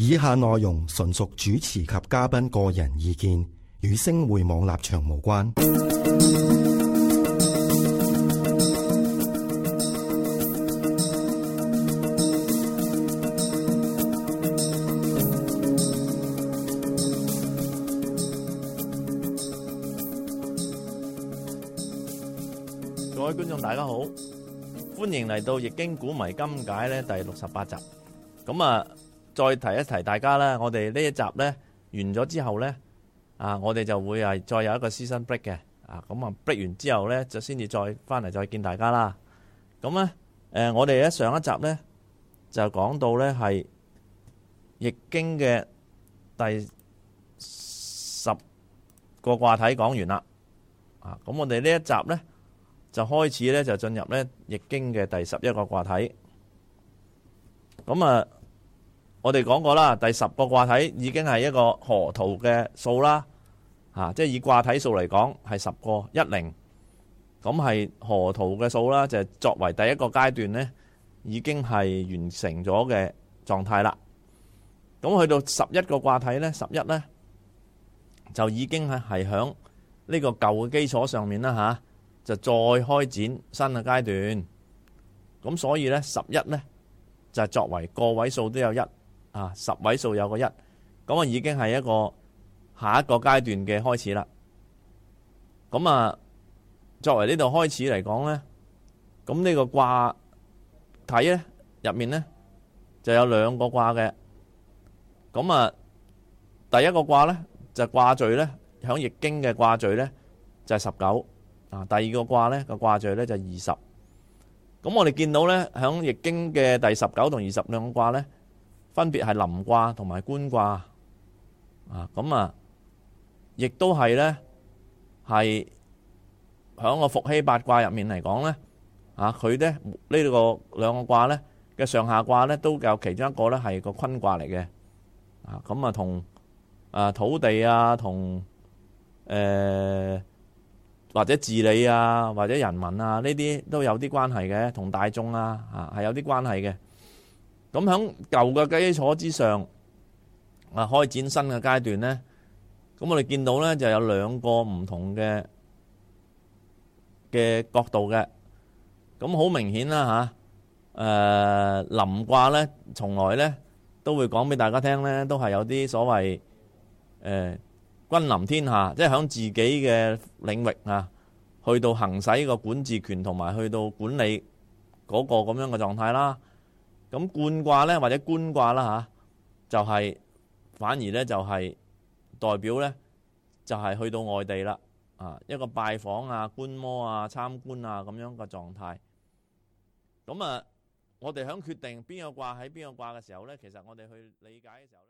以下內容純屬主持及嘉賓個人意見，與星匯網立場無關。各位觀眾，大家好，歡迎嚟到《易經古謎今解》咧第六十八集。咁啊！再提一提大家啦，我哋呢一集咧完咗之後咧啊，我哋就會係再有一個 Season Break 嘅啊，咁啊 break 完之後咧就先至再翻嚟再見大家啦。咁咧誒，我哋喺上一集咧就講到咧係易經嘅第十個卦體講完啦啊，咁我哋呢一集咧就開始咧就進入咧易經嘅第十一個卦體，咁啊。我哋講過啦，第十個卦體已經係一個河圖嘅數啦，吓，即係以卦體數嚟講係十個一零，咁係河圖嘅數啦，就係，作為第一個階段呢，已經係完成咗嘅狀態啦。咁去到十一個卦體呢，十一呢，就已經啊係響呢個舊嘅基礎上面啦，吓，就再開展新嘅階段。咁所以呢，十一呢，就作為個位數都有一。啊！十位數有個一，咁啊，已經係一個下一個階段嘅開始啦。咁啊，作為呢度開始嚟講呢，咁呢個卦體呢入面呢就有兩個卦嘅。咁啊，第一個卦呢就卦序呢響易經嘅卦序呢就係十九啊，第二個卦呢個卦序呢就係二十。咁我哋見到呢響易經嘅第十九同二十兩個卦呢，分別係臨卦同埋觀卦啊，咁啊，亦都係咧，係喺個伏羲八卦入面嚟講咧，啊，佢咧呢個兩個卦咧嘅上下卦咧都有其中一個咧係個坤卦嚟嘅，啊，咁啊，同啊土地啊，同誒或者治理啊，或者人民啊，呢啲都有啲關係嘅，同大眾啊，啊係有啲關係嘅。咁喺舊嘅基礎之上，啊，開展新嘅階段咧。咁我哋見到咧，就有兩個唔同嘅嘅角度嘅。咁好明顯啦嚇，誒，臨卦咧，從來咧都會講俾大家聽咧，都係有啲所謂誒君臨天下，即係喺自己嘅領域啊，去到行使個管治權同埋去到管理嗰個咁樣嘅狀態啦。咁觀卦咧，或者觀卦啦吓，就係、是、反而咧，就係代表咧，就係去到外地啦，啊，一個拜訪啊、觀摩啊、參觀啊咁樣嘅狀態。咁啊，我哋響決定邊個卦喺邊個卦嘅時候咧，其實我哋去理解嘅時候咧。